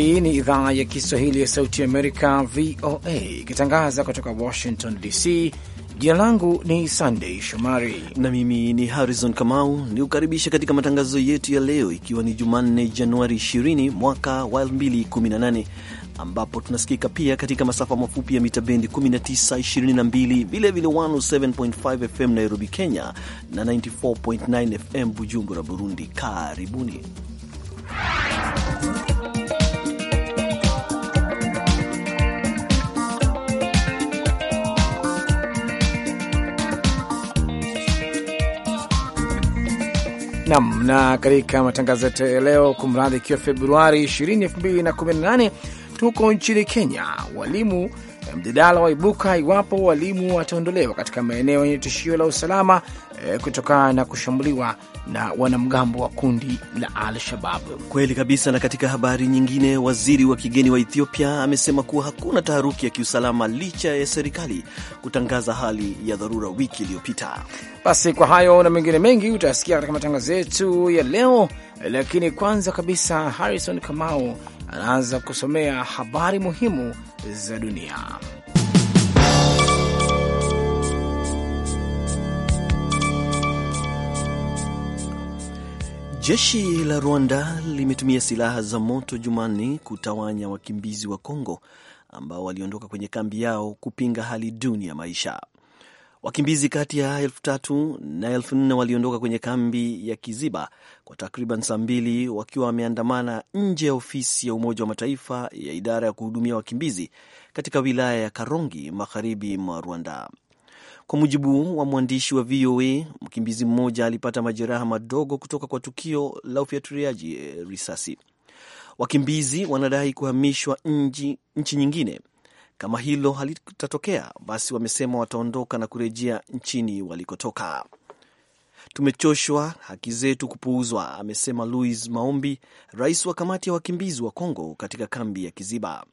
Hii ni idhaa ya Kiswahili ya Sauti Amerika, VOA, ikitangaza kutoka Washington DC. Jina langu ni Sandei Shomari na mimi ni Harrison Kamau, ni kukaribisha katika matangazo yetu ya leo, ikiwa ni Jumanne Januari 20 mwaka wa 2018 ambapo tunasikika pia katika masafa mafupi ya mita bendi 1922 vilevile 107.5 FM Nairobi, Kenya na 94.9 FM Bujumbura, Burundi. Karibuni nam na, na katika matangazo yetu ya leo, kumradhi, ikiwa Februari 20, 2018 tuko nchini Kenya, walimu Eh, mjadala waibuka iwapo walimu wataondolewa katika maeneo yenye tishio la usalama e, eh, kutokana na kushambuliwa na wanamgambo wa kundi la Al-Shabab. Kweli kabisa. Na katika habari nyingine, waziri wa kigeni wa Ethiopia amesema kuwa hakuna taharuki ya kiusalama licha ya serikali kutangaza hali ya dharura wiki iliyopita. Basi kwa hayo na mengine mengi utayasikia katika matangazo yetu ya leo, lakini kwanza kabisa Harrison Kamau anaanza kusomea habari muhimu za dunia. Jeshi la Rwanda limetumia silaha za moto Jumanne kutawanya wakimbizi wa Kongo ambao waliondoka kwenye kambi yao kupinga hali duni ya maisha. Wakimbizi kati ya elfu tatu na elfu nne waliondoka kwenye kambi ya Kiziba kwa takriban saa mbili wakiwa wameandamana nje ya ofisi ya Umoja wa Mataifa ya idara ya kuhudumia wakimbizi katika wilaya ya Karongi magharibi mwa Rwanda. Kwa mujibu wa mwandishi wa VOA, mkimbizi mmoja alipata majeraha madogo kutoka kwa tukio la ufiaturiaji risasi. Wakimbizi wanadai kuhamishwa nchi nyingine kama hilo halitatokea, basi wamesema wataondoka na kurejea nchini walikotoka. Tumechoshwa haki zetu kupuuzwa, amesema Louis Maombi, rais wa kamati ya wakimbizi wa Kongo katika kambi ya Kiziba.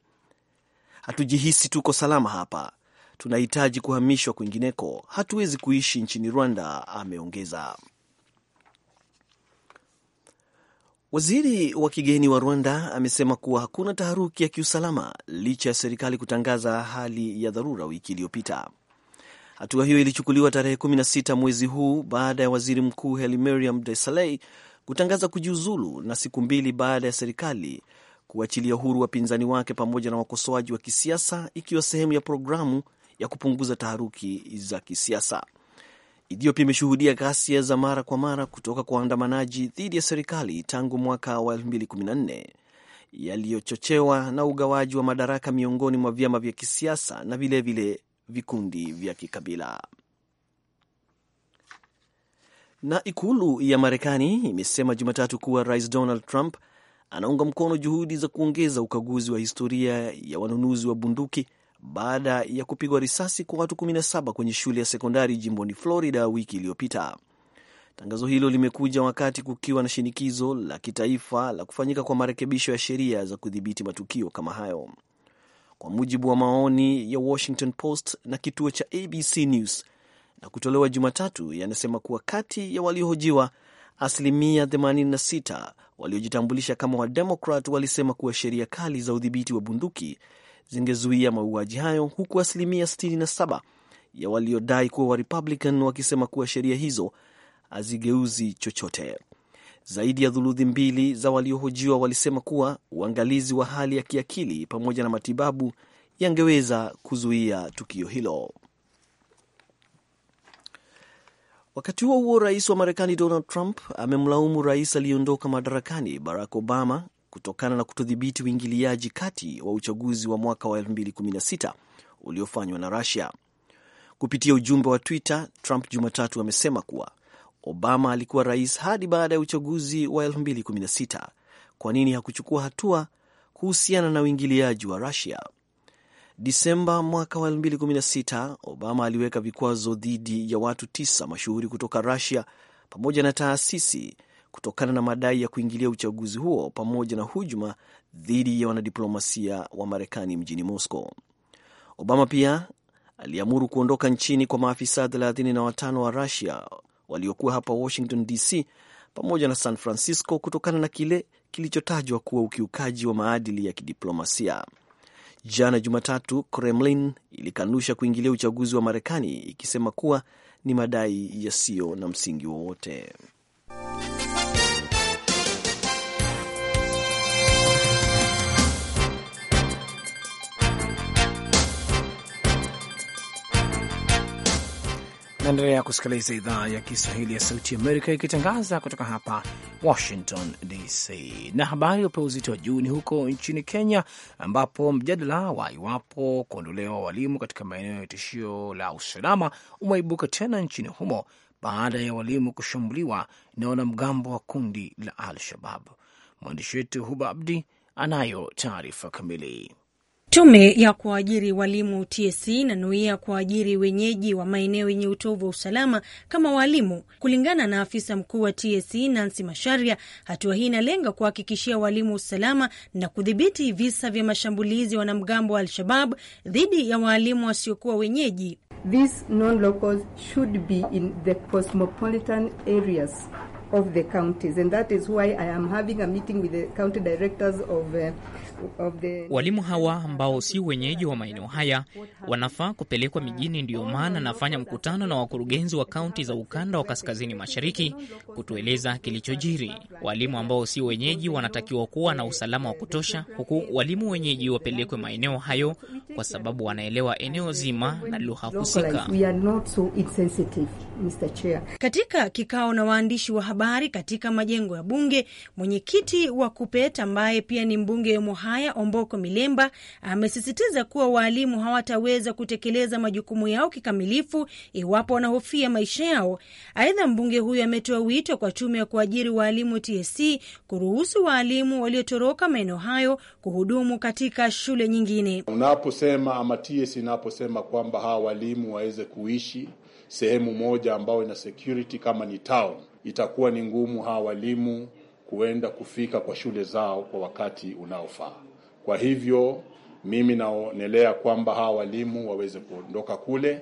Hatujihisi tuko salama hapa, tunahitaji kuhamishwa kwingineko. Hatuwezi kuishi nchini Rwanda, ameongeza. Waziri wa kigeni wa Rwanda amesema kuwa hakuna taharuki ya kiusalama licha ya serikali kutangaza hali ya dharura wiki iliyopita. Hatua hiyo ilichukuliwa tarehe 16 mwezi huu baada ya waziri mkuu Hailemariam Desalegn kutangaza kujiuzulu na siku mbili baada ya serikali kuachilia huru wapinzani wake pamoja na wakosoaji wa kisiasa ikiwa sehemu ya programu ya kupunguza taharuki za kisiasa. Ethiopia imeshuhudia ghasia za mara kwa mara kutoka kwa waandamanaji dhidi ya serikali tangu mwaka wa 2014 yaliyochochewa na ugawaji wa madaraka miongoni mwa vyama vya kisiasa na vilevile vile vikundi vya kikabila. Na ikulu ya Marekani imesema Jumatatu kuwa Rais Donald Trump anaunga mkono juhudi za kuongeza ukaguzi wa historia ya wanunuzi wa bunduki baada ya kupigwa risasi kwa watu 17 kwenye shule ya sekondari jimboni Florida wiki iliyopita. Tangazo hilo limekuja wakati kukiwa na shinikizo la kitaifa la kufanyika kwa marekebisho ya sheria za kudhibiti matukio kama hayo. Kwa mujibu wa maoni ya Washington Post na kituo cha ABC News na kutolewa Jumatatu, yanasema kuwa kati ya waliohojiwa asilimia 86 waliojitambulisha kama Wademokrat walisema kuwa sheria kali za udhibiti wa bunduki zingezuia mauaji hayo, huku asilimia 67 ya waliodai kuwa Warepublican wakisema kuwa sheria hizo hazigeuzi chochote. Zaidi ya thuluthi mbili za waliohojiwa walisema kuwa uangalizi wa hali ya kiakili pamoja na matibabu yangeweza kuzuia tukio hilo. Wakati huo huo, rais wa Marekani Donald Trump amemlaumu rais aliyeondoka madarakani Barack Obama kutokana na kutodhibiti uingiliaji kati wa uchaguzi wa mwaka wa 2016 uliofanywa na Rusia. Kupitia ujumbe wa Twitter, Trump Jumatatu amesema kuwa Obama alikuwa rais hadi baada ya uchaguzi wa 2016. Kwa nini hakuchukua hatua kuhusiana na uingiliaji wa Rusia? Desemba mwaka wa 2016, Obama aliweka vikwazo dhidi ya watu tisa mashuhuri kutoka Rusia pamoja na taasisi kutokana na madai ya kuingilia uchaguzi huo pamoja na hujuma dhidi ya wanadiplomasia wa Marekani mjini Moscow. Obama pia aliamuru kuondoka nchini kwa maafisa 35 wa Rusia waliokuwa hapa Washington DC pamoja na San Francisco kutokana na kile kilichotajwa kuwa ukiukaji wa maadili ya kidiplomasia. Jana Jumatatu, Kremlin ilikanusha kuingilia uchaguzi wa Marekani ikisema kuwa ni madai yasiyo na msingi wowote. Naendelea kusikiliza idhaa ya Kiswahili ya Sauti Amerika ikitangaza kutoka hapa Washington DC. Na habari upewa uzito wa juu ni huko nchini Kenya, ambapo mjadala wa iwapo kuondolewa walimu katika maeneo ya tishio la usalama umeibuka tena nchini humo baada ya walimu kushambuliwa na wanamgambo wa kundi la Al Shabab. Mwandishi wetu Huba Abdi anayo taarifa kamili. Tume ya kuwaajiri walimu TSC inanuia kuwaajiri wenyeji wa maeneo yenye utovu wa usalama kama walimu. Kulingana na afisa mkuu wa TSC Nancy Masharia, hatua hii inalenga kuhakikishia walimu usalama na kudhibiti visa vya mashambulizi ya wanamgambo wa Al-Shabab dhidi ya waalimu wasiokuwa wenyeji. These non-locals should be in the cosmopolitan areas of the counties and that is why I am having a meeting with the county directors of uh, walimu hawa ambao si wenyeji wa maeneo haya wanafaa kupelekwa mijini. Ndiyo maana nafanya mkutano na wakurugenzi wa kaunti za ukanda wa kaskazini mashariki kutueleza kilichojiri. Walimu ambao si wenyeji wanatakiwa kuwa na usalama wa kutosha, huku walimu wenyeji wapelekwe maeneo hayo, kwa sababu wanaelewa eneo zima na lugha husika. Katika kikao na waandishi wa habari katika majengo ya bunge, mwenyekiti wa kupet ambaye pia ni mbunge haya, Omboko Milemba amesisitiza kuwa waalimu hawataweza kutekeleza majukumu yao kikamilifu iwapo wanahofia maisha yao. Aidha, mbunge huyo ametoa wito kwa tume ya kuajiri waalimu TSC kuruhusu waalimu waliotoroka maeneo hayo kuhudumu katika shule nyingine. Unaposema ama TSC inaposema kwamba hawa walimu waweze kuishi sehemu moja ambayo ina security kama ni town, itakuwa ni ngumu hawa walimu kuenda kufika kwa shule zao kwa wakati unaofaa. Kwa hivyo mimi naonelea kwamba hawa walimu waweze kuondoka kule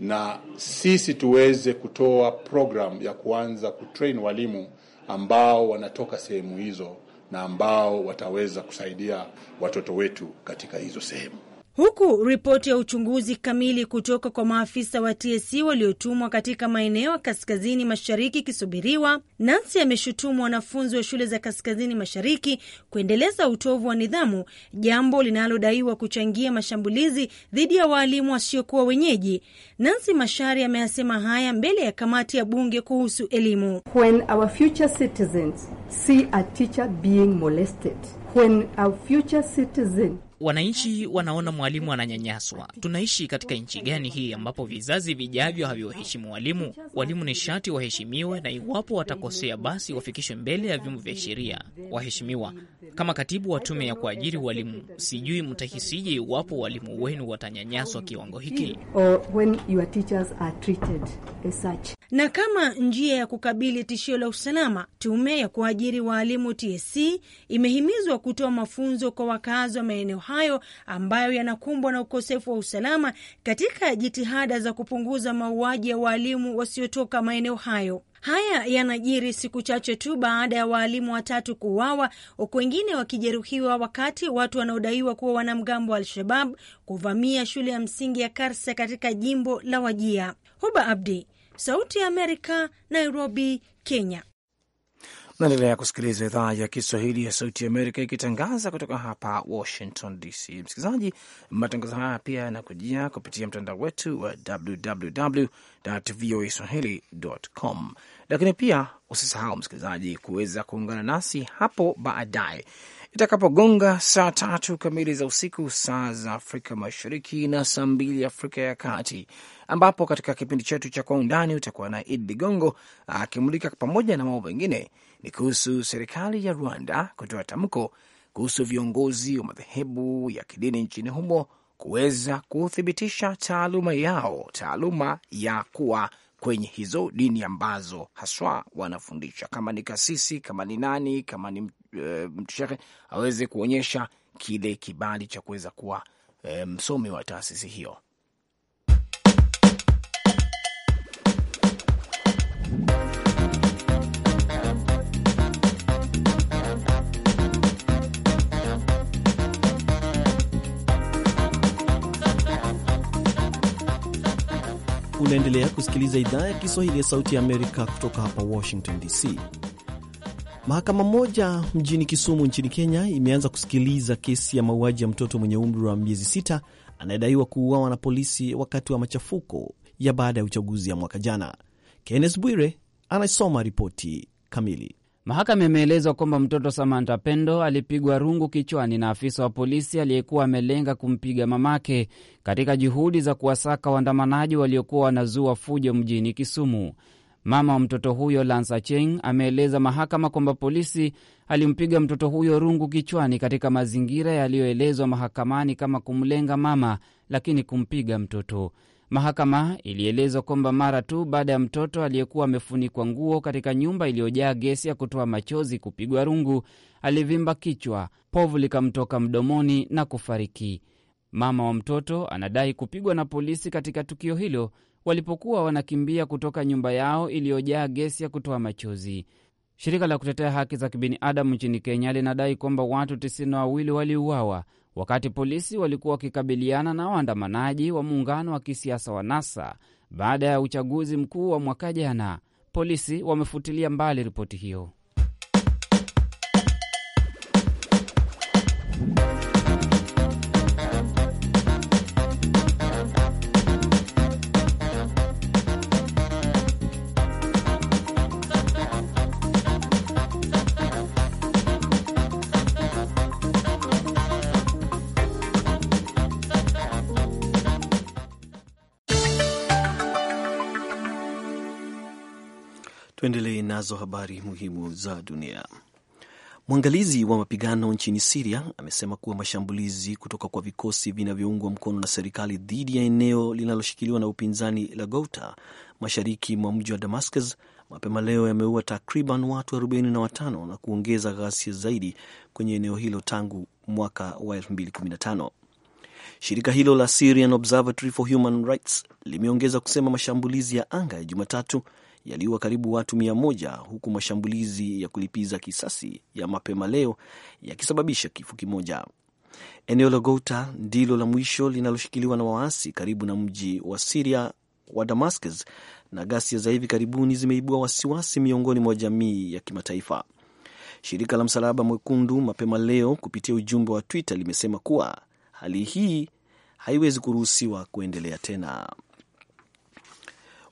na sisi tuweze kutoa program ya kuanza kutrain walimu ambao wanatoka sehemu hizo na ambao wataweza kusaidia watoto wetu katika hizo sehemu huku ripoti ya uchunguzi kamili kutoka kwa maafisa wa TSC e waliotumwa katika maeneo ya kaskazini mashariki ikisubiriwa. Nancy ameshutumu wanafunzi wa shule za kaskazini mashariki kuendeleza utovu wa nidhamu, jambo linalodaiwa kuchangia mashambulizi dhidi ya waalimu wasiokuwa wenyeji. Nancy Mashari ameyasema haya mbele ya kamati ya bunge kuhusu elimu. When our future citizens see a teacher being molested, when our future Wananchi wanaona mwalimu ananyanyaswa. Tunaishi katika nchi gani hii ambapo vizazi vijavyo haviwaheshimu walimu? Walimu ni shati waheshimiwe, na iwapo watakosea, basi wafikishwe mbele ya vyombo vya sheria. Waheshimiwa, kama katibu wa tume ya kuajiri walimu, sijui mtahisije iwapo walimu wenu watanyanyaswa kiwango hiki. Na kama njia ya kukabili tishio la usalama, tume ya kuajiri waalimu TSC imehimizwa kutoa mafunzo kwa wakazi wa maeneo hayo ambayo yanakumbwa na ukosefu wa usalama katika jitihada za kupunguza mauaji ya waalimu wasiotoka maeneo hayo. Haya yanajiri siku chache tu baada ya waalimu watatu kuuawa huku wengine wakijeruhiwa wakati watu wanaodaiwa kuwa wanamgambo wa Al-Shabab kuvamia shule ya msingi ya Karsa katika jimbo la Wajia. Huba Abdi, Sauti ya Amerika, Nairobi, Kenya. Naendelea kusikiliza idhaa ya Kiswahili ya Sauti ya Amerika ikitangaza kutoka hapa Washington DC. Msikilizaji, matangazo haya pia yanakujia kupitia mtandao wetu wa www voa swahilicom, lakini pia usisahau msikilizaji, kuweza kuungana nasi hapo baadaye itakapogonga saa tatu kamili za usiku, saa za Afrika Mashariki, na saa mbili Afrika ya Kati, ambapo katika kipindi chetu cha Kwa Undani utakuwa na Idi Ligongo akimulika pamoja na mambo mengine ni kuhusu serikali ya Rwanda kutoa tamko kuhusu viongozi wa madhehebu ya kidini nchini humo kuweza kuthibitisha taaluma yao, taaluma ya kuwa kwenye hizo dini ambazo haswa wanafundisha. Kama ni kasisi, kama ni nani, kama ni e, shehe aweze kuonyesha kile kibali cha kuweza kuwa e, msomi wa taasisi hiyo. Unaendelea kusikiliza idhaa ya Kiswahili ya Sauti ya Amerika kutoka hapa Washington DC. Mahakama moja mjini Kisumu nchini Kenya imeanza kusikiliza kesi ya mauaji ya mtoto mwenye umri wa miezi sita anayedaiwa kuuawa na polisi wakati wa machafuko ya baada ya uchaguzi ya mwaka jana. Kennes Bwire anasoma ripoti kamili. Mahakama imeelezwa kwamba mtoto Samantha Pendo alipigwa rungu kichwani na afisa wa polisi aliyekuwa amelenga kumpiga mamake katika juhudi za kuwasaka waandamanaji waliokuwa wanazua fujo mjini Kisumu. Mama wa mtoto huyo lansa cheng ameeleza mahakama kwamba polisi alimpiga mtoto huyo rungu kichwani katika mazingira yaliyoelezwa mahakamani kama kumlenga mama, lakini kumpiga mtoto. Mahakama ilielezwa kwamba mara tu baada ya mtoto aliyekuwa amefunikwa nguo katika nyumba iliyojaa gesi ya kutoa machozi kupigwa rungu, alivimba kichwa, povu likamtoka mdomoni na kufariki. Mama wa mtoto anadai kupigwa na polisi katika tukio hilo walipokuwa wanakimbia kutoka nyumba yao iliyojaa gesi ya kutoa machozi. Shirika la kutetea haki za kibinadamu nchini Kenya linadai kwamba watu tisini na wawili waliuawa wakati polisi walikuwa wakikabiliana na waandamanaji wa muungano wa kisiasa wa NASA baada ya uchaguzi mkuu wa mwaka jana. Polisi wamefutilia mbali ripoti hiyo. nazo habari muhimu za dunia. Mwangalizi wa mapigano nchini Siria amesema kuwa mashambulizi kutoka kwa vikosi vinavyoungwa mkono na serikali dhidi ya eneo linaloshikiliwa na upinzani la Gouta mashariki mwa mji wa Damascus mapema leo yameua takriban watu 45 na kuongeza ghasia zaidi kwenye eneo hilo tangu mwaka wa 2015. Shirika hilo la Syrian Observatory for Human Rights limeongeza kusema mashambulizi ya anga ya Jumatatu yaliua karibu watu mia moja huku mashambulizi ya kulipiza kisasi ya mapema leo yakisababisha kifo kimoja. Eneo la gouta ndilo la mwisho linaloshikiliwa na waasi karibu na mji wa Siria wa Damascus, na ghasia za hivi karibuni zimeibua wasiwasi miongoni mwa jamii ya kimataifa. Shirika la Msalaba Mwekundu mapema leo kupitia ujumbe wa Twitter limesema kuwa hali hii haiwezi kuruhusiwa kuendelea tena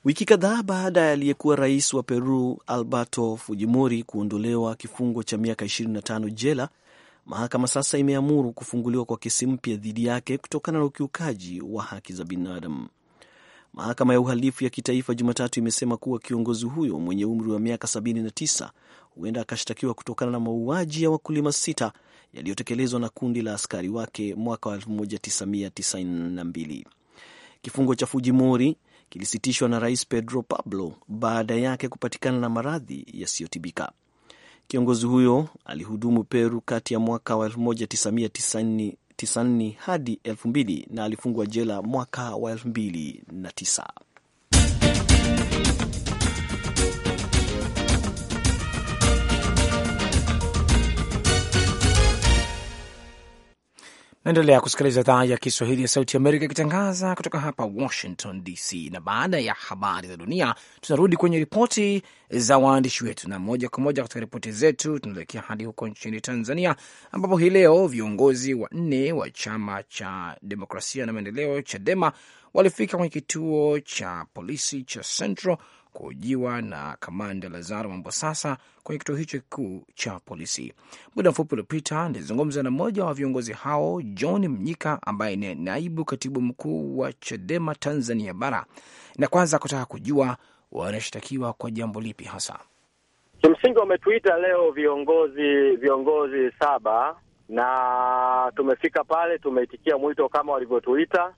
wiki kadhaa baada ya aliyekuwa rais wa Peru Alberto Fujimori kuondolewa kifungo cha miaka 25 jela, mahakama sasa imeamuru kufunguliwa kwa kesi mpya dhidi yake kutokana na ukiukaji wa haki za binadamu. Mahakama ya uhalifu ya kitaifa Jumatatu imesema kuwa kiongozi huyo mwenye umri wa miaka 79 huenda akashtakiwa kutokana na mauaji ya wakulima sita yaliyotekelezwa na kundi la askari wake mwaka wa 1992. Kifungo cha Fujimori kilisitishwa na Rais Pedro Pablo baada yake kupatikana na maradhi yasiyotibika. Kiongozi huyo alihudumu Peru kati ya mwaka wa 1990 hadi 2000 na alifungwa jela mwaka wa 2009. Naendelea kusikiliza idhaa ya Kiswahili ya Sauti Amerika ikitangaza kutoka hapa Washington DC. Na baada ya habari za dunia, tunarudi kwenye ripoti za waandishi wetu, na moja kwa moja katika ripoti zetu tunaelekea hadi huko nchini Tanzania, ambapo hii leo viongozi wanne wa chama cha demokrasia na maendeleo, CHADEMA, walifika kwenye kituo cha polisi cha Central kuhojiwa na kamanda Lazaro Mambosasa kwenye kituo hicho kikuu cha polisi. Muda mfupi uliopita nilizungumza na mmoja wa viongozi hao John Mnyika ambaye ni naibu katibu mkuu wa Chadema Tanzania Bara, na kwanza kutaka kujua wanashtakiwa kwa jambo lipi hasa. Kimsingi wametuita leo viongozi viongozi saba na tumefika pale, tumeitikia mwito kama walivyotuita,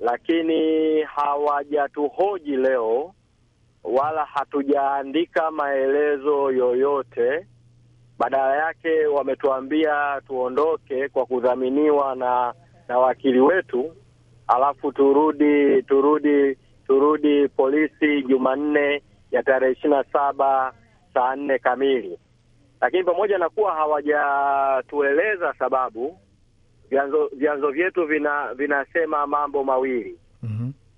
lakini hawajatuhoji leo wala hatujaandika maelezo yoyote. Badala yake wametuambia tuondoke kwa kudhaminiwa na na wakili wetu, alafu turudi turudi turudi polisi Jumanne ya tarehe ishirini na saba saa nne kamili. Lakini pamoja na kuwa hawajatueleza sababu, vyanzo vyanzo vyetu vina vinasema mambo mawili.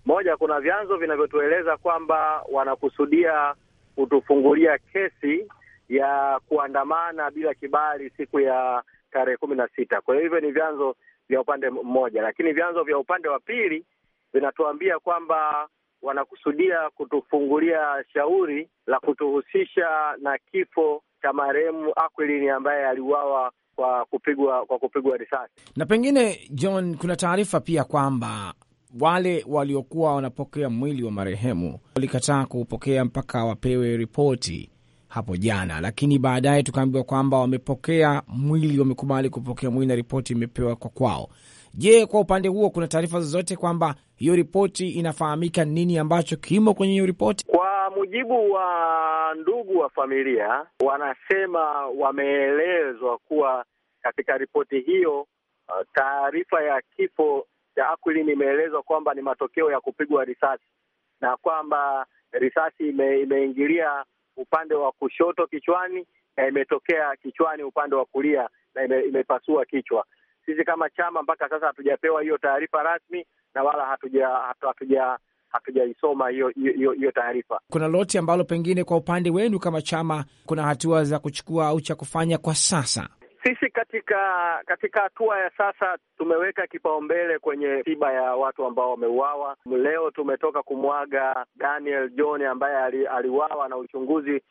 Moja, kuna vyanzo vinavyotueleza kwamba wanakusudia kutufungulia kesi ya kuandamana bila kibali siku ya tarehe kumi na sita. Kwa hiyo hivyo ni vyanzo vya upande mmoja, lakini vyanzo vya upande wa pili vinatuambia kwamba wanakusudia kutufungulia shauri la kutuhusisha na kifo cha marehemu Aquiline ambaye aliuawa kwa kupigwa kwa kupigwa risasi. Na pengine John, kuna taarifa pia kwamba wale waliokuwa wanapokea mwili wa marehemu walikataa kuupokea mpaka wapewe ripoti hapo jana, lakini baadaye tukaambiwa kwamba wamepokea mwili, wamekubali kupokea mwili na ripoti imepewa kwa kwao. Je, kwa upande huo kuna taarifa zozote kwamba hiyo ripoti inafahamika, nini ambacho kimo kwenye hiyo ripoti? Kwa mujibu wa ndugu wa familia, wanasema wameelezwa kuwa katika ripoti hiyo uh, taarifa ya kifo ya Akwilin imeelezwa kwamba ni matokeo ya kupigwa risasi na kwamba risasi ime, imeingilia upande wa kushoto kichwani na imetokea kichwani upande wa kulia na ime, imepasua kichwa. Sisi kama chama mpaka sasa hatujapewa hiyo taarifa rasmi na wala hatuja hatuja hatujaisoma hiyo hiyo hiyo taarifa. Kuna loti ambalo pengine kwa upande wenu kama chama kuna hatua za kuchukua au cha kufanya kwa sasa? Sisi katika katika hatua ya sasa tumeweka kipaumbele kwenye tiba ya watu ambao wameuawa. Leo tumetoka kumwaga Daniel John ambaye ali, aliuawa na uchunguzi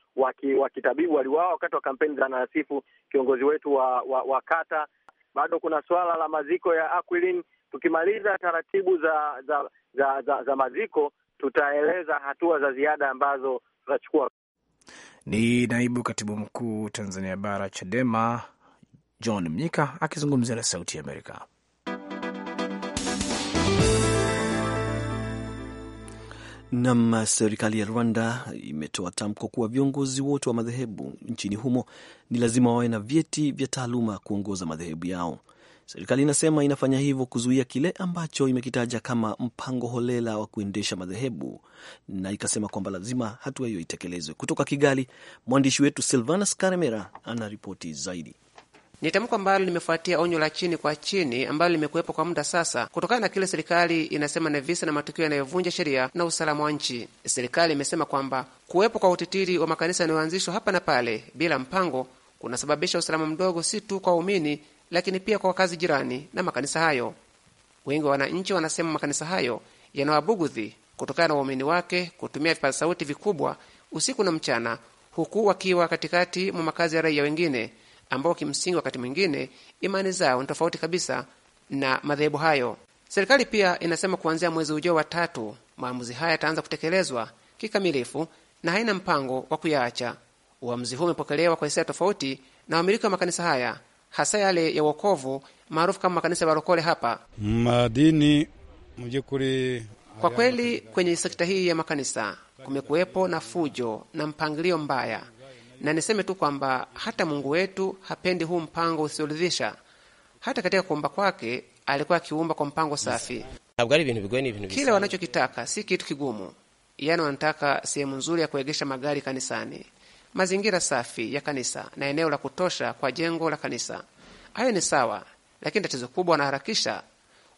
wa kitabibu, aliuawa wakati wa kampeni za Nasifu, kiongozi wetu wa, wa, wa kata. Bado kuna suala la maziko ya Aquilin. Tukimaliza taratibu za za, za, za, za maziko tutaeleza hatua za ziada ambazo tutachukua. Ni naibu katibu mkuu Tanzania Bara, Chadema John Mnyika akizungumza na Sauti ya Amerika. Nam, serikali ya Rwanda imetoa tamko kuwa viongozi wote wa madhehebu nchini humo ni lazima wawe na vyeti vya taaluma kuongoza madhehebu yao. Serikali inasema inafanya hivyo kuzuia kile ambacho imekitaja kama mpango holela wa kuendesha madhehebu, na ikasema kwamba lazima hatua hiyo itekelezwe. Kutoka Kigali, mwandishi wetu Silvanus Karemera ana ripoti zaidi. Ni tamko ambalo limefuatia onyo la chini kwa chini ambalo limekuwepo kwa muda sasa, kutokana na kile serikali inasema na visa na matukio yanayovunja sheria na usalama wa nchi. Serikali imesema kwamba kuwepo kwa utitiri wa makanisa yanayoanzishwa hapa na pale bila mpango kunasababisha usalama mdogo, si tu kwa waumini, lakini pia kwa wakazi jirani na makanisa hayo. Wengi wa wananchi wanasema makanisa hayo yanawabugudhi kutokana na waumini wake kutumia vipaza sauti vikubwa usiku na mchana, huku wakiwa katikati mwa makazi ya raia wengine ambao kimsingi wakati mwingine imani zao ni tofauti kabisa na madhehebu hayo. Serikali pia inasema kuanzia mwezi ujao wa tatu maamuzi haya yataanza kutekelezwa kikamilifu na haina mpango wa kuyaacha. Uamuzi huu umepokelewa kwa hisia tofauti na wamiliki wa makanisa haya, hasa yale ya uokovu maarufu kama makanisa ya barokole hapa madini mjikuri. Kwa kweli kwenye sekta hii ya makanisa kumekuwepo na fujo na mpangilio mbaya na niseme tu kwamba hata Mungu wetu hapendi huu mpango usioridhisha. Hata katika kuumba kwake alikuwa akiumba kwa mpango safi. Kile wanachokitaka si kitu kigumu, yaani wanataka sehemu nzuri ya kuegesha magari kanisani, mazingira safi ya kanisa na eneo la kutosha kwa jengo la kanisa. Hayo ni sawa, lakini tatizo kubwa wanaharakisha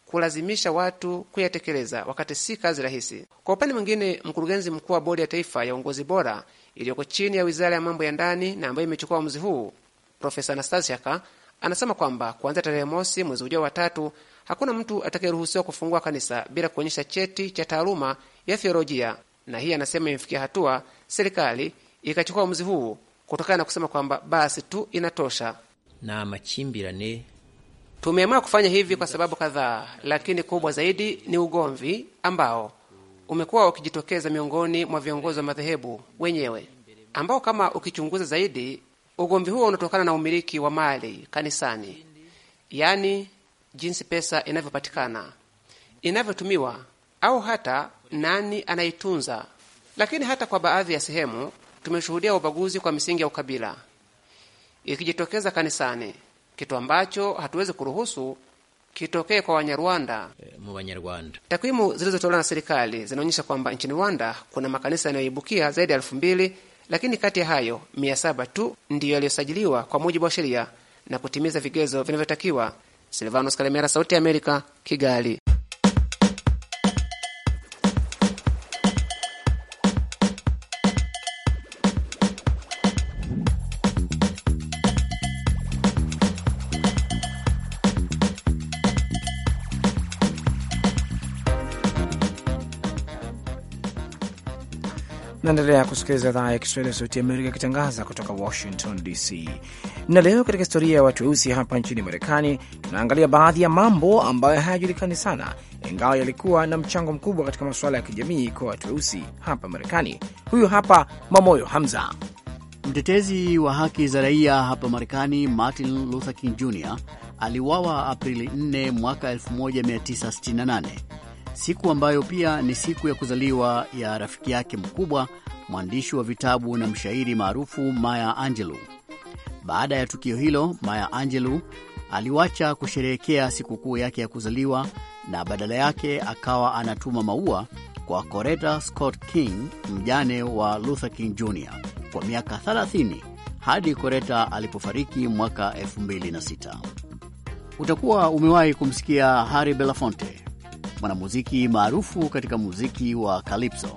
kulazimisha watu kuyatekeleza, wakati si kazi rahisi. Kwa upande mwingine, mkurugenzi mkuu wa bodi ya taifa ya uongozi bora iliyoko chini ya wizara ya mambo ya ndani na ambayo imechukua uamuzi huu. Profesa Anastasiaka anasema kwamba kuanzia tarehe mosi mwezi ujao wa tatu hakuna mtu atakayeruhusiwa kufungua kanisa bila kuonyesha cheti cha taaluma ya theolojia. Na hii anasema imefikia hatua serikali ikachukua uamuzi huu kutokana na kusema kwamba basi tu inatosha na machimbirane. Tumeamua kufanya hivi kwa sababu kadhaa, lakini kubwa zaidi ni ugomvi ambao umekuwa ukijitokeza miongoni mwa viongozi wa madhehebu wenyewe, ambao kama ukichunguza zaidi, ugomvi huo unatokana na umiliki wa mali kanisani, yaani jinsi pesa inavyopatikana, inavyotumiwa, au hata nani anaitunza. Lakini hata kwa baadhi ya sehemu tumeshuhudia ubaguzi kwa misingi ya ukabila ikijitokeza kanisani, kitu ambacho hatuwezi kuruhusu kitokee kwa Wanyarwanda. E, mu Banyarwanda. takwimu zilizotolewa na serikali zinaonyesha kwamba nchini Rwanda kuna makanisa yanayoibukia zaidi ya elfu mbili lakini kati ya hayo mia saba tu ndiyo yaliyosajiliwa kwa mujibu wa sheria na kutimiza vigezo vinavyotakiwa. Silvanos Kalemera, Sauti ya Amerika, Kigali. Naendelea kusikiliza idhaa ya Kiswahili ya Sauti ya Amerika ikitangaza kutoka Washington DC. Na leo katika historia ya watu weusi hapa nchini Marekani, tunaangalia baadhi ya mambo ambayo hayajulikani sana, ingawa yalikuwa na mchango mkubwa katika masuala ya kijamii kwa watu weusi hapa Marekani. Huyu hapa Mamoyo Hamza. Mtetezi wa haki za raia hapa Marekani, Martin Luther King Jr aliwawa Aprili 4 mwaka 1968 siku ambayo pia ni siku ya kuzaliwa ya rafiki yake mkubwa, mwandishi wa vitabu na mshairi maarufu Maya Angelou. Baada ya tukio hilo, Maya Angelou aliwacha kusherehekea sikukuu yake ya kuzaliwa na badala yake akawa anatuma maua kwa Coretta Scott King, mjane wa Luther King Jr. kwa miaka 30 hadi Coretta alipofariki mwaka 2006. Utakuwa umewahi kumsikia Harry Belafonte mwanamuziki maarufu katika muziki wa calipso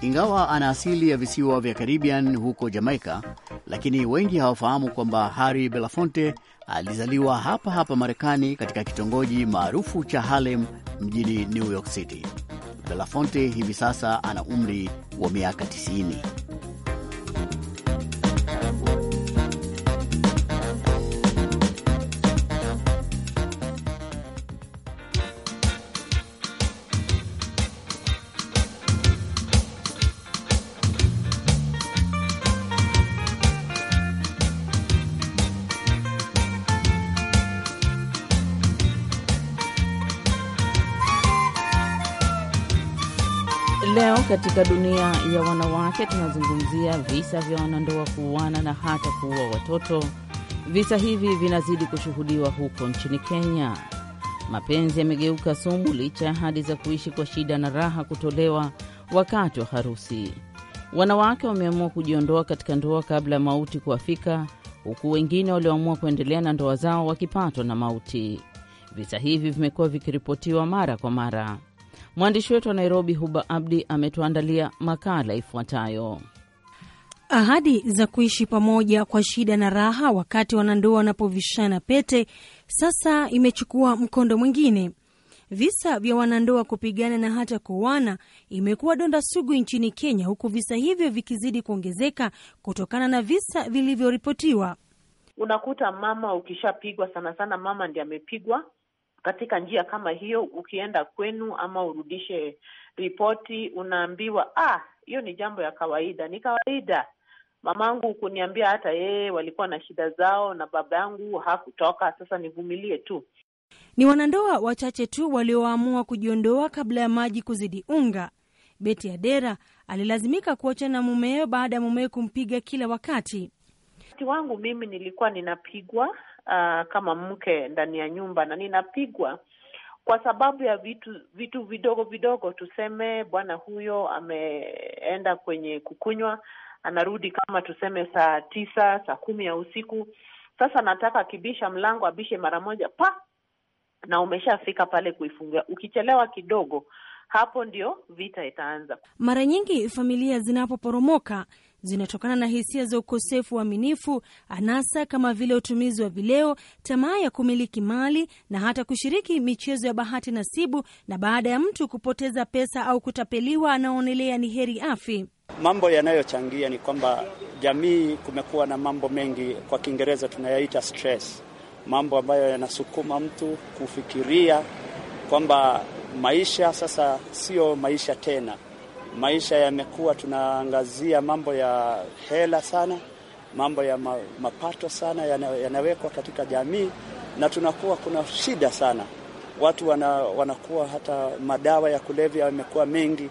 Ingawa ana asili ya visiwa vya Caribbean huko Jamaica, lakini wengi hawafahamu kwamba Harry Belafonte alizaliwa hapa hapa Marekani katika kitongoji maarufu cha Harlem mjini New York City. Belafonte hivi sasa ana umri wa miaka 90. Katika dunia ya wanawake, tunazungumzia visa vya wanandoa kuuana na hata kuua watoto. Visa hivi vinazidi kushuhudiwa huko nchini Kenya. Mapenzi yamegeuka sumu, licha ya ahadi za kuishi kwa shida na raha kutolewa wakati wa harusi. Wanawake wameamua kujiondoa katika ndoa kabla ya mauti kuwafika, huku wengine walioamua kuendelea na ndoa zao wakipatwa na mauti. Visa hivi vimekuwa vikiripotiwa mara kwa mara. Mwandishi wetu wa Nairobi, Huba Abdi, ametuandalia makala ifuatayo. Ahadi za kuishi pamoja kwa shida na raha wakati wanandoa wanapovishana pete sasa imechukua mkondo mwingine. Visa vya wanandoa kupigana na hata kuuana imekuwa donda sugu nchini Kenya, huku visa hivyo vikizidi kuongezeka kutokana na visa vilivyoripotiwa. Unakuta mama ukishapigwa, sana sana mama ndiye amepigwa, katika njia kama hiyo, ukienda kwenu ama urudishe ripoti, unaambiwa ah, hiyo ni jambo ya kawaida. Ni kawaida mamangu kuniambia, hata yeye walikuwa na shida zao na baba yangu hakutoka, sasa nivumilie tu. Ni wanandoa wachache tu walioamua kujiondoa kabla ya maji kuzidi unga. Beti Adera alilazimika kuacha na mumeo baada ya mumeo kumpiga kila wakati. Wakati wangu mimi nilikuwa ninapigwa uh, kama mke ndani ya nyumba, na ninapigwa kwa sababu ya vitu vitu vidogo vidogo. Tuseme bwana huyo ameenda kwenye kukunywa, anarudi kama tuseme saa tisa saa kumi ya usiku. Sasa nataka akibisha mlango abishe mara moja pa na umeshafika pale kuifungia. Ukichelewa kidogo, hapo ndio vita itaanza. Mara nyingi familia zinapoporomoka zinatokana na hisia za ukosefu uaminifu, anasa kama vile utumizi wa vileo, tamaa ya kumiliki mali na hata kushiriki michezo ya bahati nasibu, na baada ya mtu kupoteza pesa au kutapeliwa, anaonelea ni heri afi. Mambo yanayochangia ni kwamba jamii, kumekuwa na mambo mengi, kwa Kiingereza tunayaita stress, mambo ambayo yanasukuma mtu kufikiria kwamba maisha sasa sio maisha tena maisha yamekuwa, tunaangazia mambo ya hela sana, mambo ya ma, mapato sana yanawekwa katika jamii, na tunakuwa kuna shida sana, watu wana, wanakuwa hata madawa ya kulevya yamekuwa mengi.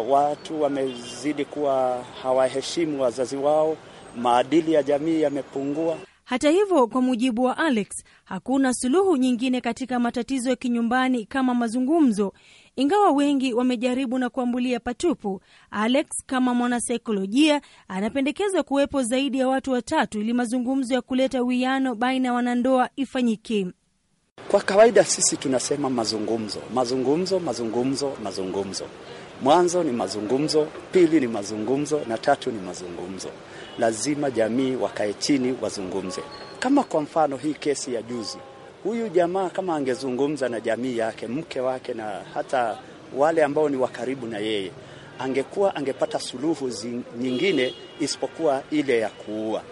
Uh, watu wamezidi kuwa hawaheshimu wazazi wao, maadili ya jamii yamepungua. Hata hivyo, kwa mujibu wa Alex, hakuna suluhu nyingine katika matatizo ya kinyumbani kama mazungumzo, ingawa wengi wamejaribu na kuambulia patupu, Alex kama mwanasaikolojia anapendekeza kuwepo zaidi ya watu watatu ili mazungumzo ya kuleta wiano baina ya wanandoa ifanyike. Kwa kawaida sisi tunasema mazungumzo, mazungumzo, mazungumzo, mazungumzo. Mwanzo ni mazungumzo, pili ni mazungumzo na tatu ni mazungumzo. Lazima jamii wakae chini wazungumze. Kama kwa mfano hii kesi ya juzi Huyu jamaa kama angezungumza na jamii yake, mke wake, na hata wale ambao ni wa karibu na yeye, angekuwa angepata suluhu nyingine isipokuwa ile ya kuua.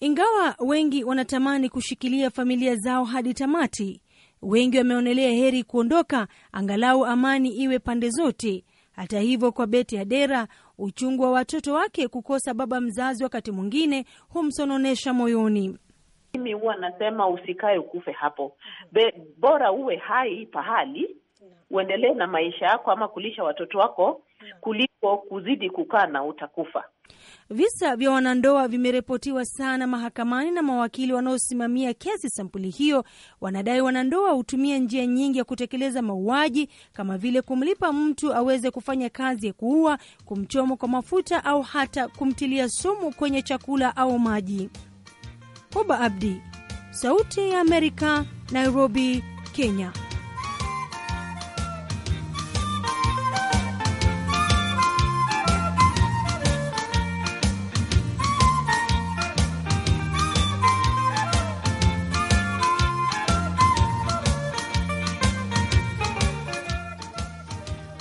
Ingawa wengi wanatamani kushikilia familia zao hadi tamati, wengi wameonelea heri kuondoka, angalau amani iwe pande zote. Hata hivyo, kwa Beti Adera, uchungu wa watoto wake kukosa baba mzazi wakati mwingine humsononesha moyoni. Mimi huwa nasema usikae ukufe hapo. Be, bora uwe hai pahali uendelee na maisha yako ama kulisha watoto wako kuliko kuzidi kukaa na utakufa. Visa vya wanandoa vimeripotiwa sana mahakamani na mawakili wanaosimamia kesi sampuli hiyo wanadai wanandoa hutumia njia nyingi ya kutekeleza mauaji kama vile kumlipa mtu aweze kufanya kazi ya kuua, kumchoma kwa mafuta au hata kumtilia sumu kwenye chakula au maji. Hoba Abdi, Sauti ya Amerika, Nairobi, Kenya.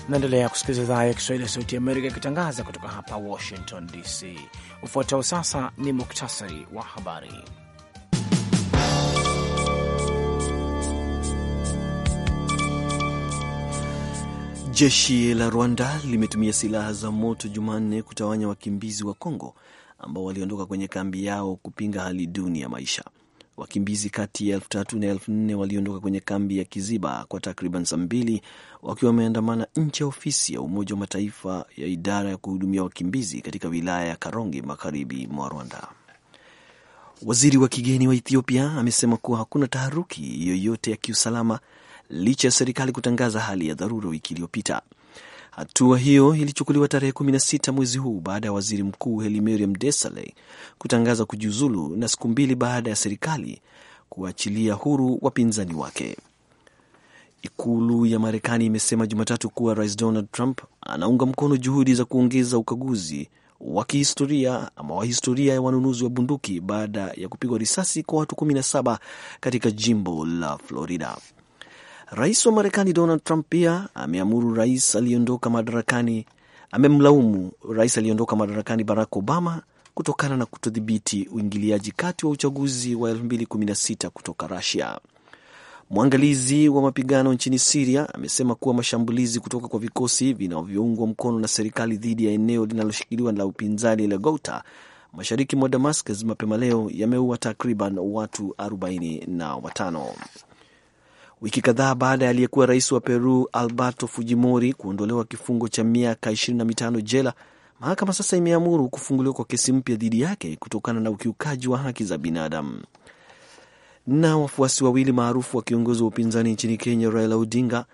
Naendelea kusikiliza idhaa ya Kiswahili ya Sauti ya Amerika ikitangaza kutoka hapa Washington DC. Ufuatao sasa ni muktasari wa habari. Jeshi la Rwanda limetumia silaha za moto Jumanne kutawanya wakimbizi wa Kongo ambao waliondoka kwenye kambi yao kupinga hali duni ya maisha. Wakimbizi kati ya elfu tatu na elfu nne waliondoka kwenye kambi ya Kiziba kwa takriban saa mbili wakiwa wameandamana nje ya ofisi ya Umoja wa Mataifa ya idara ya kuhudumia wakimbizi katika wilaya ya Karongi, magharibi mwa Rwanda. Waziri wa kigeni wa Ethiopia amesema kuwa hakuna taharuki yoyote ya kiusalama licha ya serikali kutangaza hali ya dharura wiki iliyopita. Hatua hiyo ilichukuliwa tarehe 16 mwezi huu baada ya waziri mkuu Hailemariam Desalegn kutangaza kujiuzulu na siku mbili baada ya serikali kuachilia huru wapinzani wake. Ikulu ya Marekani imesema Jumatatu kuwa rais Donald Trump anaunga mkono juhudi za kuongeza ukaguzi wa kihistoria ama wa historia ya wanunuzi wa bunduki baada ya kupigwa risasi kwa watu 17 katika jimbo la Florida. Rais wa Marekani Donald Trump pia ameamuru rais aliyeondoka madarakani, amemlaumu rais aliyeondoka madarakani Barack Obama kutokana na kutodhibiti uingiliaji kati wa uchaguzi wa 2016 kutoka rusia Mwangalizi wa mapigano nchini Siria amesema kuwa mashambulizi kutoka kwa vikosi vinavyoungwa mkono na serikali dhidi ya eneo linaloshikiliwa la upinzani la Gouta mashariki mwa Damascus mapema leo yameua takriban watu 45 wiki kadhaa baada ya aliyekuwa rais wa Peru Alberto Fujimori kuondolewa kifungo cha miaka 25 jela. Mahakama sasa imeamuru kufunguliwa kwa kesi mpya dhidi yake kutokana na ukiukaji wa haki za binadamu. Na wafuasi wawili maarufu wa kiongozi wa upinzani nchini Kenya Raila Odinga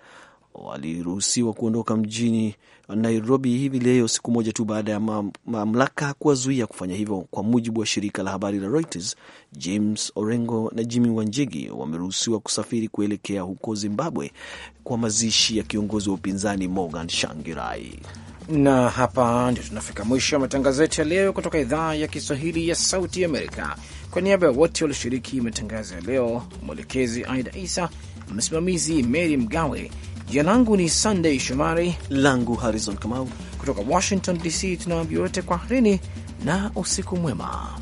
waliruhusiwa kuondoka mjini Nairobi hivi leo, siku moja tu baada ya mamlaka kuwazuia kufanya hivyo. Kwa mujibu wa shirika la habari la Reuters, James Orengo na Jimmy Wanjigi wameruhusiwa kusafiri kuelekea huko Zimbabwe kwa mazishi ya kiongozi wa upinzani Morgan Shangirai. Na hapa ndio tunafika mwisho wa matangazo yetu ya leo kutoka idhaa ya Kiswahili ya Sauti Amerika. Kwa niaba ya wote walioshiriki matangazo ya leo, mwelekezi Aida Isa, msimamizi Mary Mgawe Jina langu ni Sunday Shomari, langu Harrison Kamau kutoka Washington DC. Tunawaambia wote kwaherini na usiku mwema.